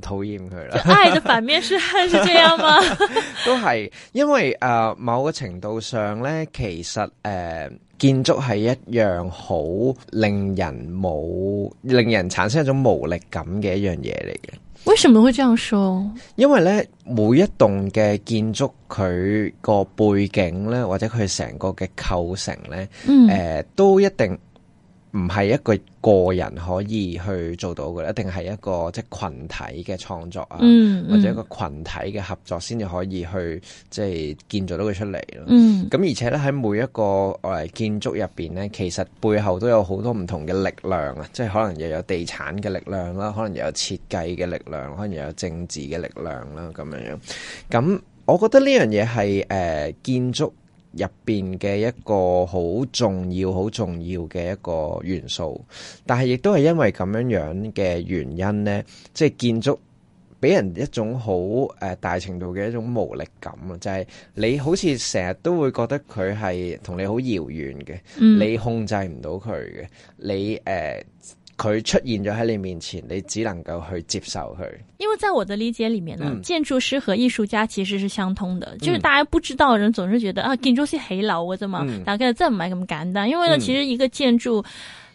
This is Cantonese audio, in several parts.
討厭佢啦。愛嘅反面是恨，是這樣嗎？都係，因為誒，某個程度上咧，其實誒，建築係一樣好令人冇、令人產生一種無力感嘅一樣嘢嚟嘅。為什麼會這樣說？因為咧，每一棟嘅建築，佢個背景咧，或者佢成個嘅構成咧，嗯，誒，都一定，唔係一個個人可以去做到嘅，一定係一個即係、就是、群體嘅創作啊、嗯嗯，或者一個群體嘅合作先至可以去即係、就是、建造到佢出嚟咯。咁、嗯、而且咧喺每一個誒建築入邊咧，其實背後都有好多唔同嘅力量啊，即、就、係、是、可能又有地產嘅力量啦，可能又有設計嘅力量，可能又有政治嘅力量啦，咁樣樣。咁我覺得呢樣嘢係誒建築入面嘅一個好重要、好重要嘅一個元素，但係亦都係因為咁樣樣嘅原因咧，即係建築俾人一種好、呃、大程度嘅一種無力感啊！就係你好似成日都會覺得佢係同你好遙遠嘅、嗯，你控制唔到佢嘅，你誒。呃佢出現咗喺你面前，你只能夠去接受佢。因為在我的理解裡面呢、嗯、建築師和藝術家其實是相通的，就是大家不知道人，總是覺得、嗯、啊，建築師起樓嘅啫嘛，嗯、大概再唔係咁簡單。因為呢，其實一個建築。嗯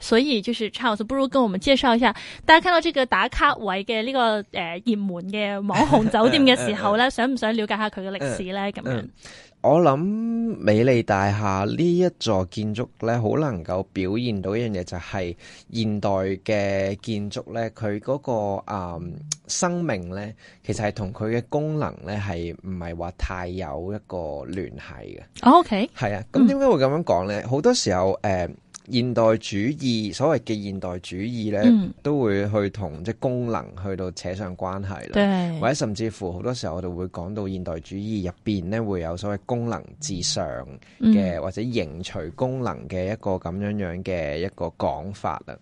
所以就是 Charles，不如跟我們介紹一下。大家看到這個打卡位嘅呢、這個誒熱、呃、門嘅網紅酒店嘅時候咧， 想唔想了解下佢嘅歷史咧？咁 樣、嗯嗯，我諗美利大廈呢一座建築咧，好能夠表現到一樣嘢，就係現代嘅建築咧，佢嗰、那個誒、嗯、生命咧，其實係同佢嘅功能咧，係唔係話太有一個聯繫嘅。OK，係啊。咁點解會咁樣講咧？好、嗯、多時候誒。嗯現代主義所謂嘅現代主義咧、嗯，都會去同功能去到扯上關係啦，對或者甚至乎好多時候我哋會講到現代主義入面咧，會有所謂功能至上嘅、嗯、或者形隨功能嘅一個咁樣樣嘅一個講法啦。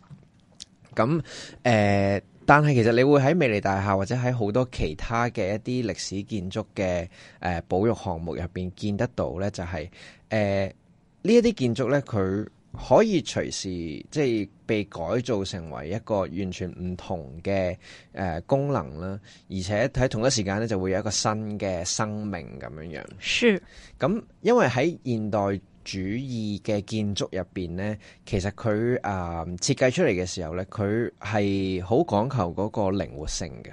咁、呃、但係其實你會喺美利大廈或者喺好多其他嘅一啲歷史建築嘅、呃、保育項目入面見得到咧，就係誒呢一啲建築咧，佢。可以隨時即係被改造成為一個完全唔同嘅、呃、功能啦，而且喺同一時間咧就會有一個新嘅生命咁樣樣。是咁，因為喺現代主義嘅建築入邊咧，其實佢啊、呃、設計出嚟嘅時候咧，佢係好講求嗰個靈活性嘅。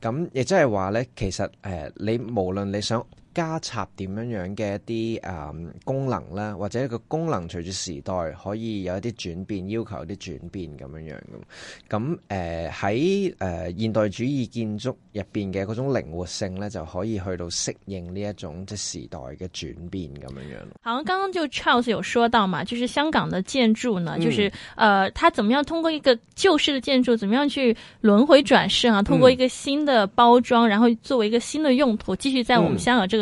咁亦即係話咧，其實、呃、你無論你想，加插點樣樣嘅一啲誒、呃、功能啦，或者一個功能隨住時代可以有一啲轉變，要求有啲轉變咁樣樣咁。咁誒喺誒現代主義建築入邊嘅嗰種靈活性咧，就可以去到適應呢一種即係時代嘅轉變咁樣樣咯。好像剛剛就 Charles 有說到嘛，就是香港嘅建築呢，就是誒、嗯呃，他怎麼樣通過一個舊式的建築，怎麼樣去輪迴轉世啊？通過一個新的包裝，嗯、然後作為一個新的用途，繼續在我們香港這個、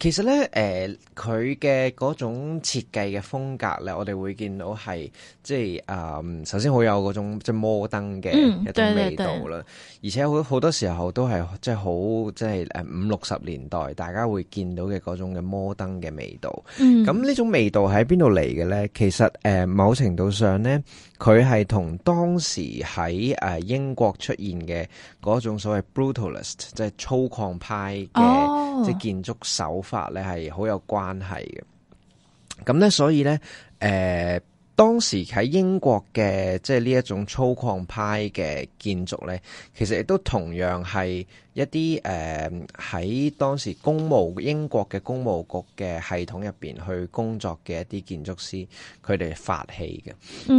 其實咧，誒佢嘅種設計嘅風格咧，我哋會見到係即係誒、嗯，首先好有嗰種即係摩登嘅一種味道啦、嗯。而且好好多時候都係即係好即係誒五六十年代大家會見到嘅種嘅摩登嘅味道。咁、嗯、呢種味道喺邊度嚟嘅咧？其實誒、呃、某程度上咧，佢係同當時喺誒英國出現嘅種所謂 brutalist，即係粗獷派嘅、哦、即係建築手。法咧係好有關係嘅，咁咧所以咧，誒、呃、當時喺英國嘅即係呢一種粗獷派嘅建築咧，其實亦都同樣係。一啲誒喺當時工務英國嘅工務局嘅系統入邊去工作嘅一啲建築師佢哋發起嘅。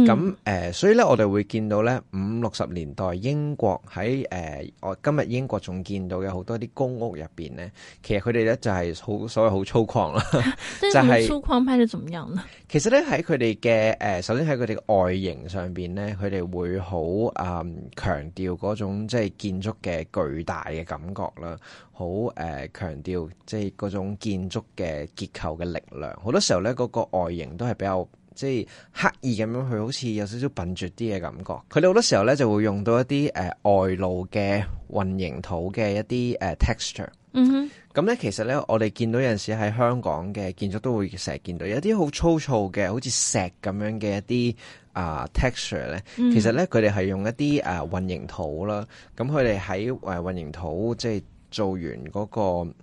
咁、嗯、誒、呃、所以咧我哋會見到咧五六十年代英國喺誒、呃、我今日英國仲見到嘅好多啲公屋入邊咧，其實佢哋咧就係、是、好所謂好粗獷啦。啊、是就係、是、粗獷派係點樣咧？其實咧喺佢哋嘅誒首先喺佢哋嘅外形上邊咧，佢哋會好啊、呃、強調嗰種即係建築嘅巨大嘅，感覺啦，好誒、呃、強調即係嗰種建築嘅結構嘅力量。好多時候咧，嗰、那個外形都係比較即係刻意咁樣去，好似有少少笨拙啲嘅感覺。佢哋好多時候咧就會用到一啲誒、呃、外露嘅混凝土嘅一啲誒、呃、texture。嗯哼，咁咧其實咧，我哋見到有陣時喺香港嘅建築都會成日見到有啲好粗糙嘅，好似石咁樣嘅一啲啊、呃、texture 咧、嗯。其實咧，佢哋係用一啲誒混凝土啦。咁佢哋喺誒混凝土即係做完嗰、那個。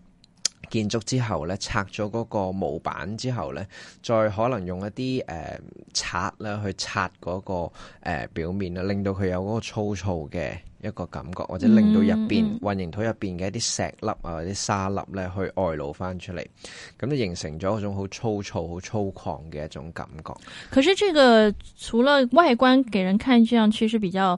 建築之後咧，拆咗嗰個模板之後咧，再可能用一啲誒、呃、刷啦去刷嗰、那個、呃、表面啦，令到佢有嗰個粗糙嘅一個感覺，或者令到入邊混凝土入邊嘅一啲石粒啊、啲沙粒咧去外露翻出嚟，咁就形成咗一種好粗糙、好粗獷嘅一種感覺。可是，這個除了外觀，給人看上去是比較。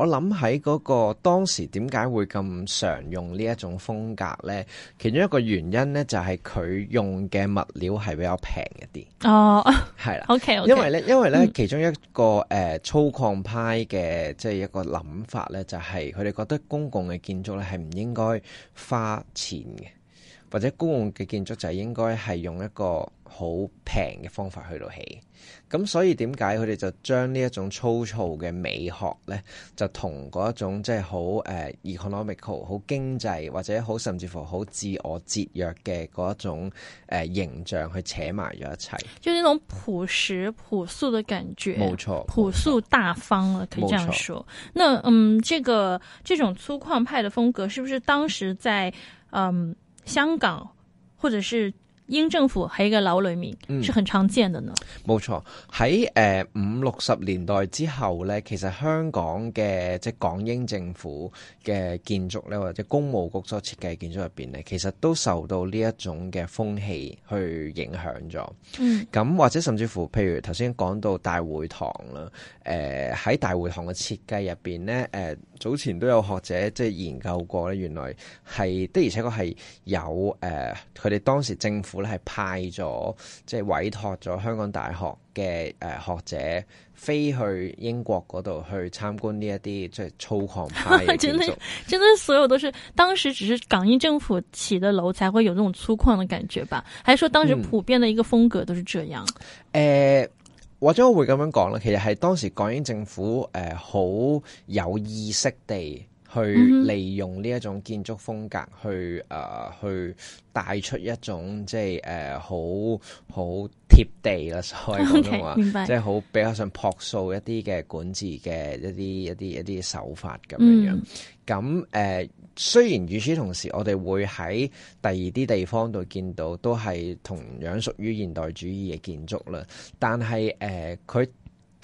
我諗喺嗰個當時點解會咁常用呢一種風格咧？其中一個原因咧就係、是、佢用嘅物料係比較平一啲。哦、oh，係啦。O K O K。因為咧，因為咧，其中一個誒、呃、粗獷派嘅即係一個諗法咧，就係佢哋覺得公共嘅建築咧係唔應該花錢嘅。或者公共嘅建築就係應該係用一個好平嘅方法去到起，咁所以點解佢哋就將呢一種粗糙嘅美學咧，就同嗰一種即係好誒 economical 好經濟或者好甚至乎好自我節約嘅嗰一種誒形象去扯埋咗一齊，就係一種樸實樸素嘅感覺，冇錯，樸素大方啊，可以這樣說。那嗯，這個這種粗獷派的風格，是不是當時在嗯？香港，或者是。英政府喺個樓裏面是很常見的呢。嗯、冇錯，喺誒五六十年代之後咧，其實香港嘅即係港英政府嘅建築咧，或者公務局所設計的建築入邊咧，其實都受到呢一種嘅風氣去影響咗。嗯，咁或者甚至乎，譬如頭先講到大會堂啦，誒、呃、喺大會堂嘅設計入邊咧，誒、呃、早前都有學者即係研究過咧，原來係的而且確係有誒，佢哋、呃、當時政府。我係派咗，即、就、係、是、委託咗香港大學嘅誒、呃、學者飛去英國嗰度去參觀呢一啲即係粗獷派的 真的，真的所有都是當時只是港英政府起的樓，才會有這種粗獷的感覺吧？還是說當時普遍的一個風格都是這樣？誒、嗯，或、呃、者我，我會咁樣講啦，其實係當時港英政府誒、呃、好有意識地。去利用呢一種建築風格去，去、mm、誒 -hmm. 呃、去帶出一種即係誒好好貼地啦，所謂講話，okay, 即係好比較上樸素一啲嘅管治嘅一啲一啲一啲手法咁樣樣。咁、mm、誒 -hmm. 呃，雖然與此同時，我哋會喺第二啲地方度見到都係同樣屬於現代主義嘅建築啦，但係誒佢，呃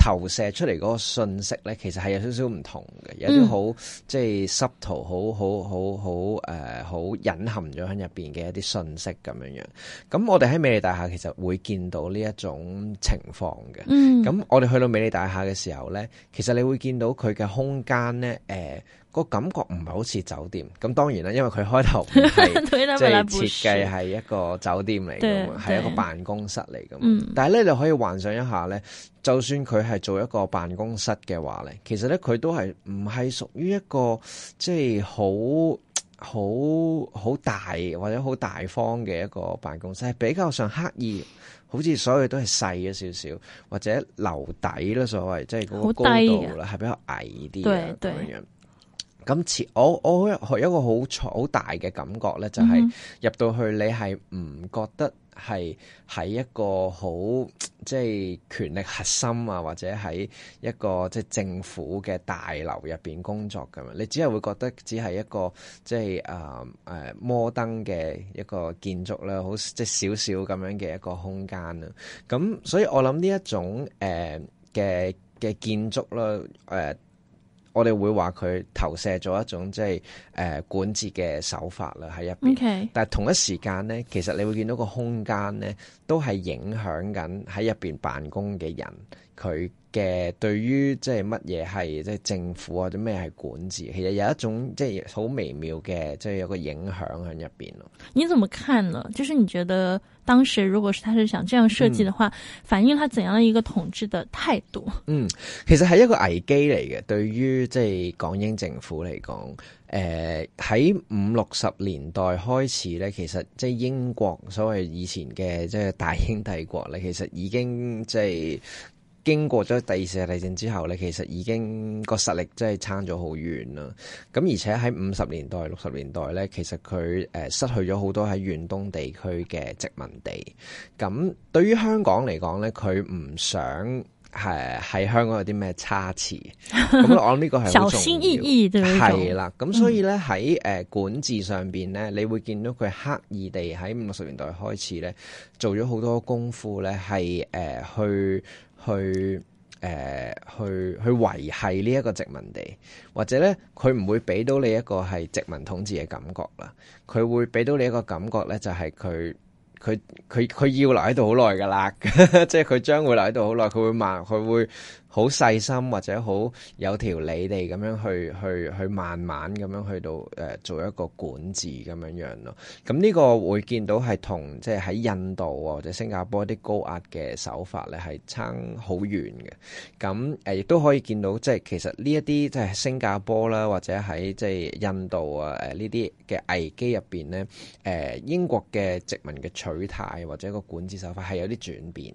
投射出嚟嗰個信息咧，其實係有少少唔同嘅，有啲好即係濕圖，好好好好誒，好隱含咗喺入邊嘅一啲信息咁樣樣。咁我哋喺美利大廈其實會見到呢一種情況嘅。咁我哋去到美利大廈嘅時候咧，其實你會見到佢嘅空間咧，誒、呃。個感覺唔係好似酒店，咁當然啦，因為佢開頭唔係即係設計係一個酒店嚟嘅嘛，係 一個辦公室嚟嘅嘛。但係咧，你可以幻想一下咧，就算佢係做一個辦公室嘅話咧，其實咧佢都係唔係屬於一個即係好好好大或者好大方嘅一個辦公室，係比較上刻意，好似所有都係細咗少少，或者樓底囉。所謂即係嗰個高度啦，係比較矮啲嘅咁樣。對對咁似我我有一個好好大嘅感覺咧，就係入到去你係唔覺得係喺、嗯、一個好即係權力核心啊，或者喺一個即係政府嘅大樓入邊工作咁樣，你只係會覺得只係一個即係誒誒摩登嘅一個建築啦、啊，好即係少少咁樣嘅一個空間啦、啊、咁所以我諗呢一種誒嘅嘅建築啦、啊。呃我哋會話佢投射咗一種即係呃、管治嘅手法啦喺入邊，okay. 但係同一時間咧，其實你會見到個空間咧都係影響緊喺入邊辦公嘅人佢。嘅對於即係乜嘢係即係政府或者咩係管治，其實有一種即係好微妙嘅即係有個影響喺入邊咯。你怎麼看呢？就是你覺得當時如果是他是想這樣設計的話，嗯，反映他怎樣的一個統治的態度？嗯，其實係一個危機嚟嘅，對於即係港英政府嚟講，誒、呃、喺五六十年代開始咧，其實即係英國所謂以前嘅即係大英帝國咧，其實已經即係。經過咗第二次大戰之後咧，其實已經個實力真係差咗好遠啦。咁而且喺五十年代、六十年代咧，其實佢失去咗好多喺遠東地區嘅殖民地。咁對於香港嚟講咧，佢唔想誒喺香港有啲咩差池。咁 我諗呢個係小心翼翼嘅係啦。咁所以咧喺管治上面咧、嗯，你會見到佢刻意地喺五十年代開始咧，做咗好多功夫咧，係去。去誒、呃，去去維繫呢一個殖民地，或者咧，佢唔會俾到你一個係殖民統治嘅感覺啦。佢會俾到你一個感覺咧，就係佢佢佢佢要留喺度好耐噶啦，即係佢將會留喺度好耐，佢會慢，佢會。好細心或者好有條理地咁樣去去去慢慢咁樣去到、呃、做一個管治咁樣樣咯。咁呢個會見到係同即係喺印度或者新加坡啲高壓嘅手法咧係差好遠嘅。咁亦都可以見到即係其實呢一啲即係新加坡啦或者喺即係印度啊呢啲嘅危機入邊咧、呃、英國嘅殖民嘅取態或者個管治手法係有啲轉變。